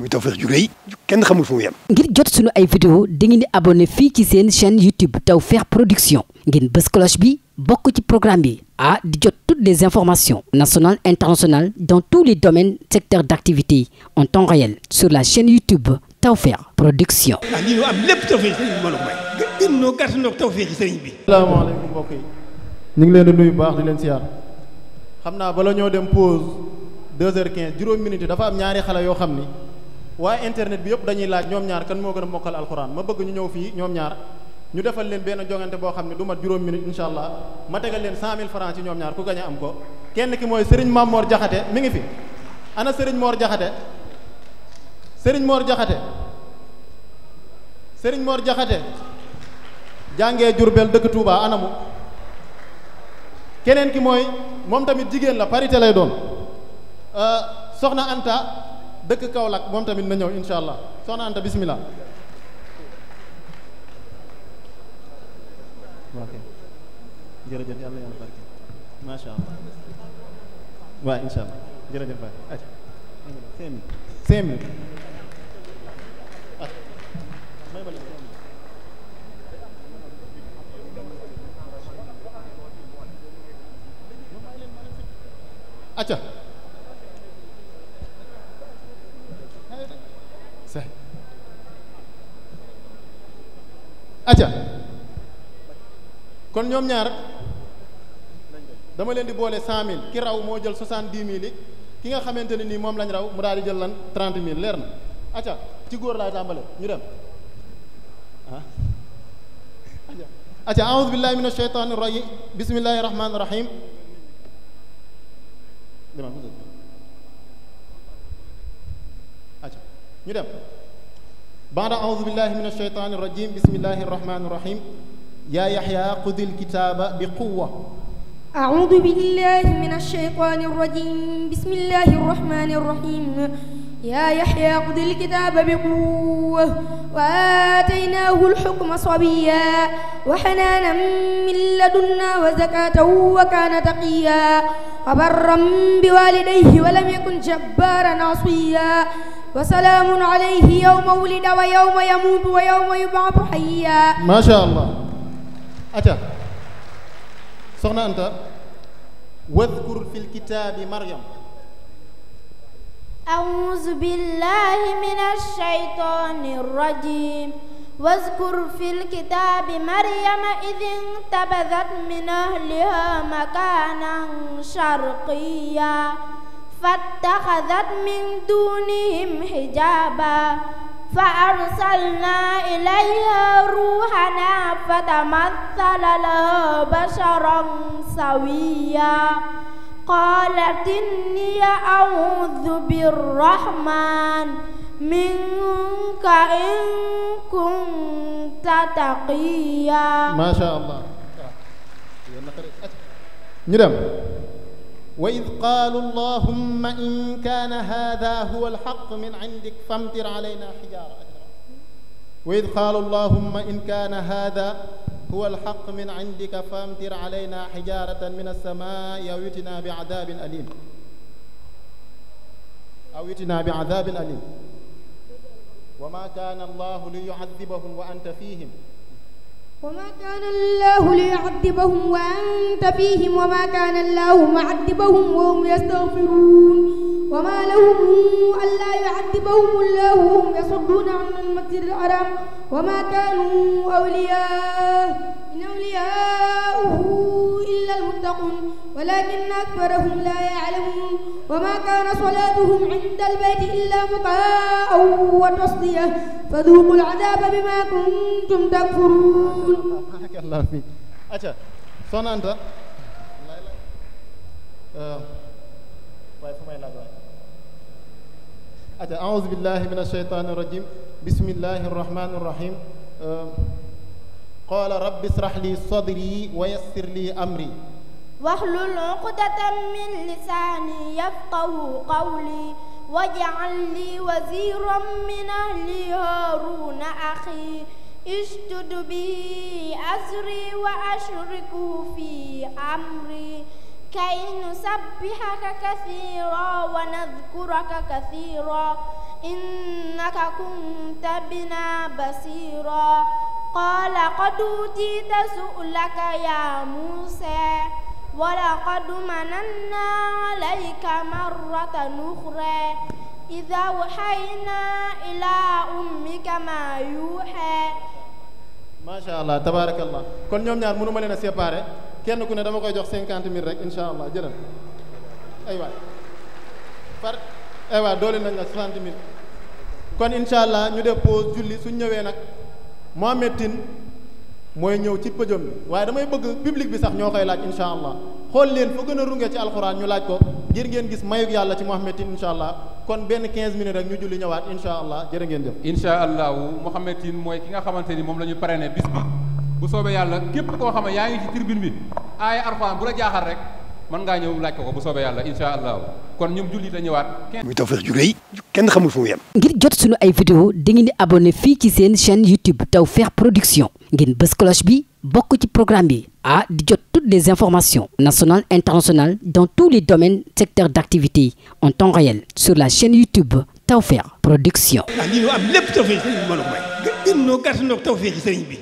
muy Tawfekh ju rëy kenn xamul fu mu yem. ngir jot sunu ay vidéo dangeen di abonné fii ci seen chaîne YouTube Tawfekh Production ngeen bës bi bokk ci programme bi a di jot toutes les informations nationales internationales dans tous les domaines secteurs d'activité en temps réel sur la chaîne YouTube Tawfekh Production. ah ñu am lépp Tawfekh sëriñ bi mën a may. gën gën ñoo gàtt ñoo Tawfekh sëriñ bi. asalaamaaleykum mbokk yi ñu leen di nuyu baax di leen siyaar xam naa bala ñoo dem pause deux heures quinze juróom minutes dafa am ñaari xale yoo xam waaye internet bi yëpp dañuy laaj ñoom ñaar kan moo gën a mokkal alxuraan ma bëgg ñu ñëw fii ñoom ñaar ñu defal leen benn jongante boo xam ne du mat juróom minute incha allah ma tegal leen cent mille francs ci ñoom ñaar ku gañ a am ko kenn ki mooy Serigne Mamor Jaxate mi ngi fi ana Serigne Mor Jaxate Serigne Mor Jaxate Serigne Mor Jaxate jàngee Jurbel dëkk Touba anamu keneen ki mooy moom tamit jigéen la parité lay doon euh, soxna Anta dëkk Kaolack moom tamit na ñëw incha allah soxna Anta bismillah ok jërëjëf yàlla yàlla barke macha allah waaw incha allah jërëjëf waay aj cinq minutes cinq minutes acca kon ñoom ñaar dama leen di boole cent mille ki raw moo jël soixante dix mille yi ki nga xamante ne nii moom lañ raw mu daal di jël lan trente mil leer na acca ci góor laay tàmbale ñu dem ah acca a'udhu billahi minash shaytanir rajim bismillahir rahmanir rahim acca ñu dem ba'da a'udhu billahi minash shaytanir rajim bismillahir rahmanir rahim yaa yaxya xudil kitaaba bi quwa أعوذ بالله من الشيطان الرجيم بسم الله الرحمن الرحيم يا يحيى خذ الكتاب بقوة وآتيناه الحكم صبيا وحنانا من لدنا وزكاة وكان تقيا وبرا بوالديه ولم يكن جبارا عصيا وسلام عليه يوم ولد ويوم يموت ويوم يبعث حيا ما شاء الله aca soxna Anta wadkur fil kitaabi Maryam أعوذ بالله من الشيطان الرجيم واذكر في الكتاب مريم إذ انتبذت من أهلها مكانا شرقيا فاتخذت من دونهم حجابا فأرسلنا إليها روحنا فتمثل لها بشرا سويا قالت إني أعوذ بالرحمن منك إن كنت تقيا ما شاء الله ñu dem وإذ قالوا اللهم إن كان هذا هو الحق من عندك فامطر علينا حجارة وإذ قالوا اللهم إن كان هذا هو الحق من عندك فامطر علينا حجارة من السماء أو ائتنا بعذاب أليم أو ائتنا بعذاب أليم وما كان الله ليعذبهم وأنت فيهم وما كان الله ليعذبهم وأنت فيهم وما كان الله معذبهم وهم يستغفرون وما لهم ألا يعذبهم الله وهم يصدون عن المسجد الحرام وما كانوا أولياء ولكن أكثرهم لا يعلمون وما كان صلاتهم عند البيت إلا مقاء وتصدية فذوقوا العذاب بما كنتم تكفرون بارك الله فيك acca soxna Anta waaye fu may laaj waay acca a'uuzu billahi min ashaytaani rajim bismillahi rahmaani rahim qaala rabbi israh li sadri wa yassir li amri واحلل عقدة من لساني يفقه قولي واجعل لي وزيرا من أهلي هارون أخي اشدد به أزري وأشركه في أمري كي نسبحك كثيرا ونذكرك كثيرا إنك كنت بنا بصيرا قال قد أوتيت سؤلك يا موسى ولقد مننا عليك مرة أخرى إذا أوحينا إلى أمك ما يوحى macha allah tabarakallah kon ñoom ñaar mënu ma leen a séparer kenn ku ne dama koy jox cinquante mille rek incha allah jëlal ay waay par ay doole nañ la soixante mille kon incha allah ñu def pause julli suñ ñëwee nag Mohamed Tine mooy ñëw ci pëjom bi waaye damay bëgg public bi sax ñoo koy laaj incha allah xool leen fa gën a runge ci alxuraan ñu laaj ko ngir ngeen gis mayug yàlla ci Mouhamed Tine incha allah kon benn 15 minutes rek ñu julli ñëwaat incha allah jërë ngeen jëf. incha allahu Mouhamed Tine mooy ki nga xamante ni moom la ñu parrainé bis bu soobee yàlla képp koo xam yaa ngi ci tribune bi aaya alxuraan bu la jaaxal rek. mën ngaa ñëw laaj ko ko bu soobee yàlla incha allahu kon ñum julli la ñëwaat. muy Tawfekh ju rëy kenn xamul fu mu ngir jot suñu ay vidéo dangeen di abonné fii ci seen chaîne YouTube Tawfekh Production ngeen bës bi bokk ci programme bi ah di jot toutes les informations nationales internationales dans tous les domaines secteurs d'activité en temps réel sur la chaîne YouTube Tawfekh Production. Ah, a may. gën